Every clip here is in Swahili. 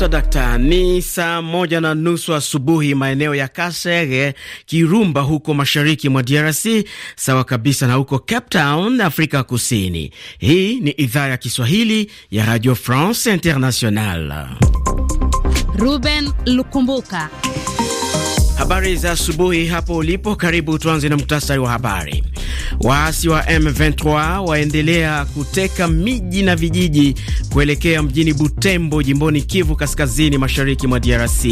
nusu dakta. Ni saa moja na nusu asubuhi maeneo ya Kasege, Kirumba huko mashariki mwa DRC, sawa kabisa na huko Cape Town, Afrika Kusini. Hii ni idhaa ya Kiswahili ya Radio France International. Ruben Lukumbuka, habari za asubuhi hapo ulipo. Karibu tuanze na mktasari wa habari. Waasi wa M23 waendelea kuteka miji na vijiji kuelekea mjini Butembo jimboni Kivu kaskazini mashariki mwa DRC.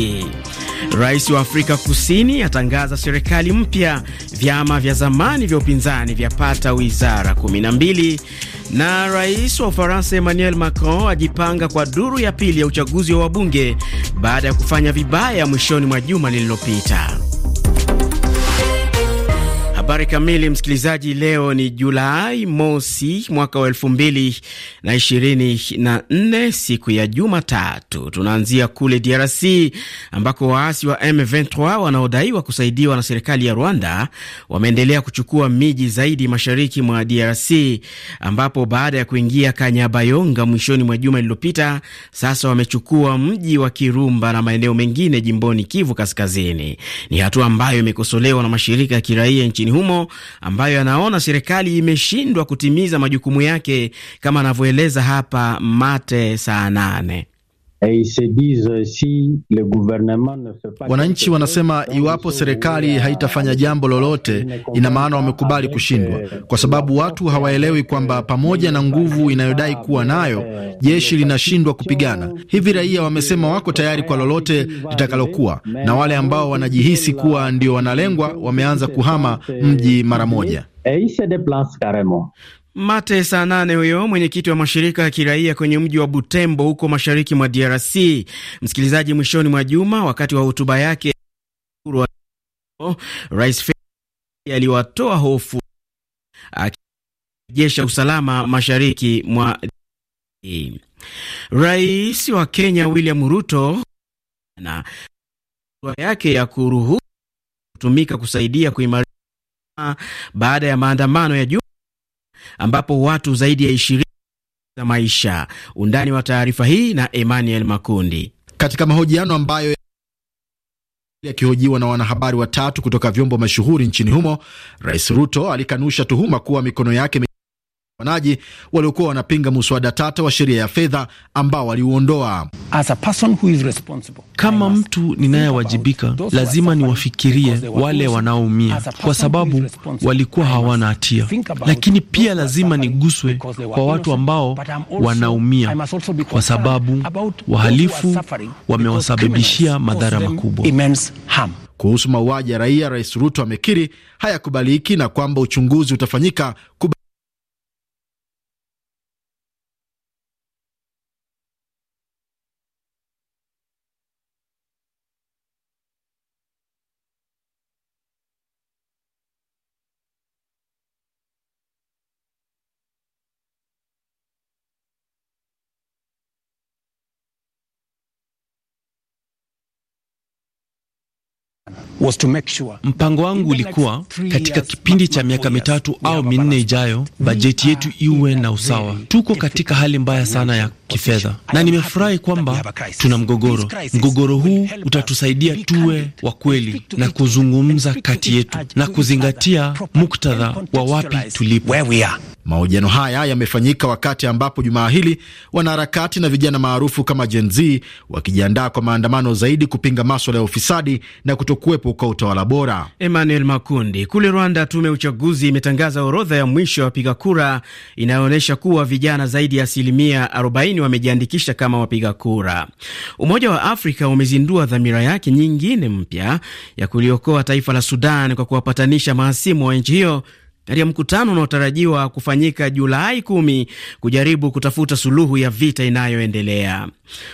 Rais wa Afrika Kusini atangaza serikali mpya, vyama vya zamani vya upinzani vyapata wizara 12 na rais wa Ufaransa Emmanuel Macron ajipanga kwa duru ya pili ya uchaguzi wa wabunge baada ya kufanya vibaya mwishoni mwa juma lililopita. Habari kamili, msikilizaji. Leo ni Julai mosi mwaka wa elfu mbili na ishirini na nne, siku ya Jumatatu. Tunaanzia kule DRC ambako waasi wa M23 wanaodaiwa kusaidiwa na serikali ya Rwanda wameendelea kuchukua miji zaidi mashariki mwa DRC, ambapo baada ya kuingia Kanyabayonga mwishoni mwa juma lililopita, sasa wamechukua mji wa Kirumba na maeneo mengine jimboni Kivu Kaskazini. Ni hatua ambayo imekosolewa na mashirika ya kiraia nchini humo ambayo yanaona serikali imeshindwa kutimiza majukumu yake, kama anavyoeleza hapa Mate saa nane. Euh, Wananchi wanasema iwapo serikali haitafanya jambo lolote, ina maana wamekubali kushindwa, euh, kwa sababu watu hawaelewi kwamba pamoja na nguvu inayodai kuwa nayo, jeshi linashindwa kupigana. Hivi raia wamesema wako tayari kwa lolote litakalokuwa, na wale ambao wanajihisi kuwa ndio wanalengwa wameanza kuhama mji mara moja. Mate saa nane huyo mwenyekiti wa mashirika ya kiraia kwenye mji wa Butembo huko mashariki mwa DRC. Msikilizaji, mwishoni mwa juma wakati wa hotuba yake Rais aliwatoa hofu akijesha usalama mashariki mwa Rais wa Kenya William Ruto na hatua yake ya kuruhusu kutumika kusaidia kuimarisha baada ya maandamano ya juma ambapo watu zaidi ya ishirini za maisha. Undani wa taarifa hii na Emmanuel Makundi. Katika mahojiano ambayo akihojiwa na wanahabari watatu kutoka vyombo mashuhuri nchini humo, Rais Ruto alikanusha tuhuma kuwa mikono yake wanaji waliokuwa wanapinga muswada tata wa sheria ya fedha ambao waliuondoa. As a person who is responsible, kama mtu ninayewajibika lazima niwafikirie wale wanaoumia kwa sababu walikuwa hawana hatia, lakini pia lazima niguswe kwa watu ambao wanaumia kwa sababu wahalifu wamewasababishia madhara makubwa. Kuhusu mauaji ya raia, Rais Ruto amekiri hayakubaliki na kwamba uchunguzi utafanyika. Mpango wangu ulikuwa katika kipindi cha miaka mitatu au minne ijayo, bajeti yetu iwe na usawa. Tuko katika hali mbaya sana ya kifedha, na nimefurahi kwamba tuna mgogoro. Mgogoro huu utatusaidia tuwe wa kweli na kuzungumza kati yetu na kuzingatia muktadha wa wapi tulipo. Mahojiano haya yamefanyika wakati ambapo jumaa hili wanaharakati na vijana maarufu kama Gen Z wakijiandaa kwa maandamano zaidi kupinga maswala ya ufisadi na kutokuwepo kwa utawala bora. Emmanuel Makundi. Kule Rwanda, tume ya uchaguzi imetangaza orodha ya mwisho ya wapiga kura inayoonyesha kuwa vijana zaidi ya asilimia 40 wamejiandikisha kama wapiga kura. Umoja wa Afrika umezindua dhamira yake nyingine mpya ya kuliokoa taifa la Sudan kwa kuwapatanisha mahasimu wa nchi hiyo katika mkutano unaotarajiwa kufanyika Julai kumi kujaribu kutafuta suluhu ya vita inayoendelea.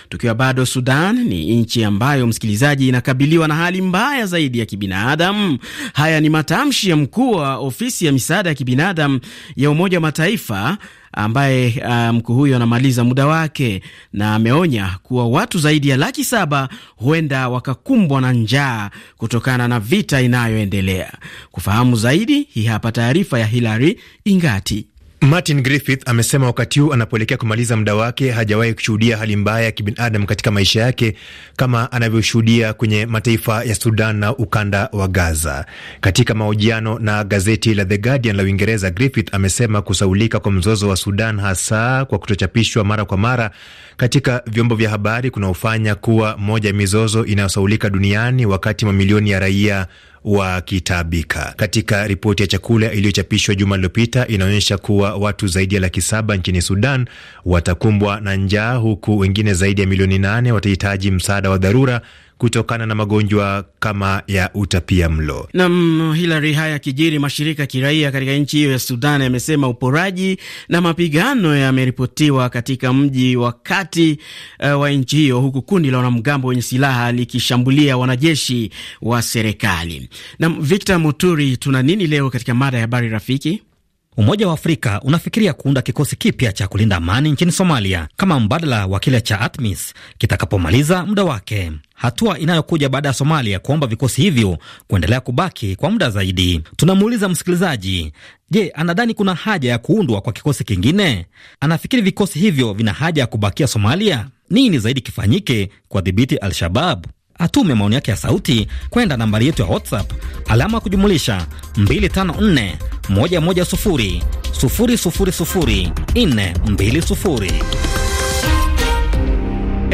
Tukiwa bado Sudan, ni nchi ambayo msikilizaji, inakabiliwa na hali mbaya zaidi ya kibinadamu. Haya ni matamshi ya mkuu wa ofisi ya misaada ya kibinadamu ya Umoja wa Mataifa ambaye uh, mkuu um, huyo anamaliza muda wake, na ameonya kuwa watu zaidi ya laki saba huenda wakakumbwa na njaa kutokana na vita inayoendelea. Kufahamu zaidi, hii hapa taarifa ya Hilary Ingati. Martin Griffith amesema wakati huu anapoelekea kumaliza muda wake hajawahi kushuhudia hali mbaya ya kibinadamu katika maisha yake kama anavyoshuhudia kwenye mataifa ya Sudan na ukanda wa Gaza. Katika mahojiano na gazeti la The Guardian la Uingereza, Griffith amesema kusaulika kwa mzozo wa Sudan, hasa kwa kutochapishwa mara kwa mara katika vyombo vya habari, kunaofanya kuwa moja ya mizozo inayosaulika duniani, wakati mamilioni ya raia wakitabika. Katika ripoti ya chakula iliyochapishwa juma lililopita, inaonyesha kuwa watu zaidi ya laki saba nchini Sudan watakumbwa na njaa, huku wengine zaidi ya milioni nane watahitaji msaada wa dharura kutokana na magonjwa kama ya utapia mlo. Nam Hilary, haya kijiri, mashirika ya kiraia katika nchi hiyo ya Sudan yamesema uporaji na mapigano yameripotiwa katika mji wa kati uh, wa nchi hiyo, huku kundi la wanamgambo wenye silaha likishambulia wanajeshi wa serikali. Nam Victor Muturi, tuna nini leo katika mada ya habari rafiki? Umoja wa Afrika unafikiria kuunda kikosi kipya cha kulinda amani nchini Somalia kama mbadala wa kile cha ATMIS kitakapomaliza muda wake, hatua inayokuja baada ya Somalia kuomba vikosi hivyo kuendelea kubaki kwa muda zaidi. Tunamuuliza msikilizaji, je, anadhani kuna haja ya kuundwa kwa kikosi kingine? Anafikiri vikosi hivyo vina haja ya kubakia Somalia? Nini zaidi kifanyike kuwadhibiti Al-Shabab? atume maoni yake ya sauti kwenda nambari yetu ya WhatsApp alama kujumulisha 254 110 000 420.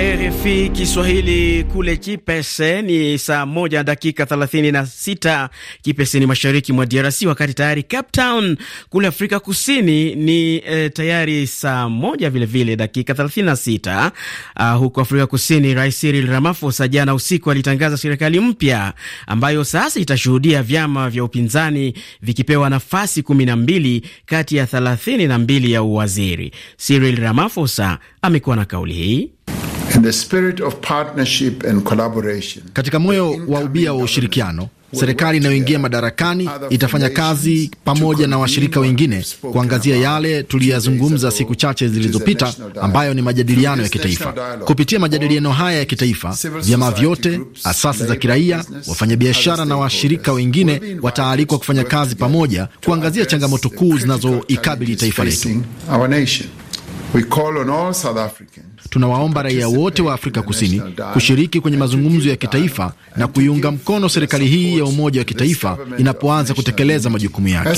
RFI Kiswahili kule Kipese ni saa moja dakika thelathini na sita 36 ni mashariki mwa DRC, wakati tayari Cape Town kule Afrika Kusini ni e, tayari saa moja vilevile dakika thelathini na sita Uh, huko Afrika Kusini, Rais Cyril Ramaphosa jana usiku alitangaza serikali mpya ambayo sasa itashuhudia vyama vya upinzani vikipewa nafasi kumi na mbili kati ya thelathini na mbili ya uwaziri. Cyril Ramaphosa amekuwa na kauli hii In the spirit of partnership and collaboration, katika moyo wa ubia wa ushirikiano, serikali inayoingia madarakani itafanya kazi pamoja na washirika wengine kuangazia yale tuliyazungumza siku chache zilizopita, ambayo ni majadiliano ya kitaifa. Kupitia majadiliano haya ya kitaifa, vyama vyote, asasi za kiraia, wafanyabiashara na washirika wengine wataalikwa kufanya kazi pamoja kuangazia changamoto kuu zinazoikabili taifa letu. We call on all South Tunawaomba raia wote wa Afrika Kusini kushiriki kwenye mazungumzo ya kitaifa na kuiunga mkono serikali hii ya umoja wa kitaifa inapoanza kutekeleza majukumu yake.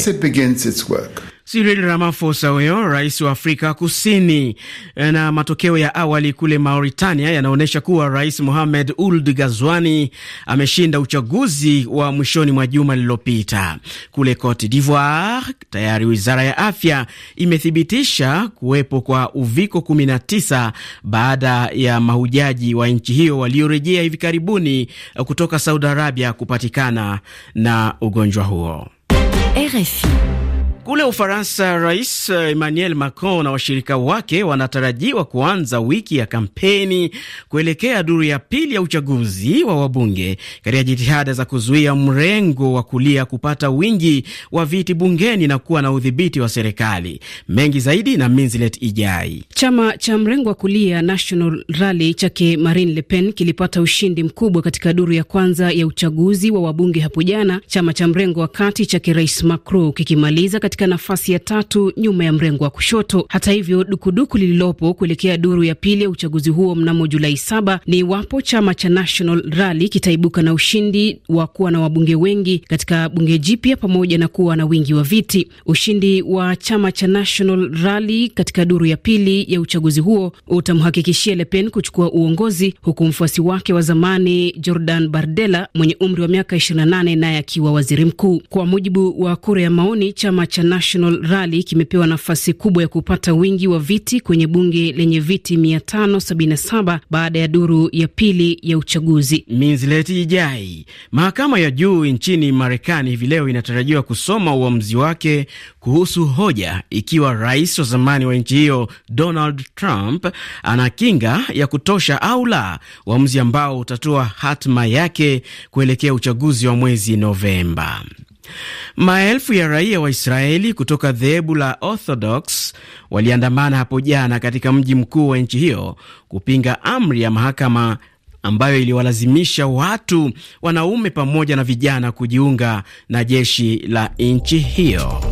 Cyril Ramaphosa huyo rais wa Afrika Kusini. Eh, na matokeo ya awali kule Mauritania yanaonyesha kuwa Rais Mohamed uld gazwani ameshinda uchaguzi wa mwishoni mwa juma lililopita. Kule Cote d'Ivoire tayari wizara ya afya imethibitisha kuwepo kwa uviko 19 baada ya mahujaji wa nchi hiyo waliorejea hivi karibuni kutoka Saudi Arabia kupatikana na ugonjwa huo. RFI. Kule Ufaransa, Rais eh, Emmanuel Macron na washirika wake wanatarajiwa kuanza wiki ya kampeni kuelekea duru ya pili ya uchaguzi wa wabunge katika jitihada za kuzuia mrengo wa kulia kupata wingi wa viti bungeni na kuwa na udhibiti wa serikali. Mengi zaidi na Minzilet Ijai. Chama cha mrengo wa kulia National Rally chake Marine Le Pen kilipata ushindi mkubwa katika duru ya kwanza ya uchaguzi wa wabunge hapo jana, chama cha mrengo wa kati chake Rais Macron kikimaliza katika nafasi ya tatu nyuma ya mrengo wa kushoto. Hata hivyo, dukuduku lililopo kuelekea duru ya pili ya uchaguzi huo mnamo Julai saba ni iwapo chama cha National Rally kitaibuka na ushindi wa kuwa na wabunge wengi katika bunge jipya pamoja na kuwa na wingi wa viti. Ushindi wa chama cha National Rally katika duru ya pili ya uchaguzi huo utamhakikishia Le Pen kuchukua uongozi huku mfuasi wake wa zamani Jordan Bardella mwenye umri wa miaka 28 naye akiwa waziri mkuu. Kwa mujibu wa kura ya maoni, chama cha International Rally kimepewa nafasi kubwa ya kupata wingi wa viti kwenye bunge lenye viti 577 baada ya duru ya pili ya uchaguzi. Minzileti Ijai. Mahakama ya juu nchini Marekani hivi leo inatarajiwa kusoma uamuzi wake kuhusu hoja ikiwa rais wa zamani wa nchi hiyo Donald Trump ana kinga ya kutosha au la, uamuzi ambao utatoa hatima yake kuelekea uchaguzi wa mwezi Novemba. Maelfu ya raia wa Israeli kutoka dhehebu la Orthodox waliandamana hapo jana katika mji mkuu wa nchi hiyo kupinga amri ya mahakama ambayo iliwalazimisha watu wanaume pamoja na vijana kujiunga na jeshi la nchi hiyo.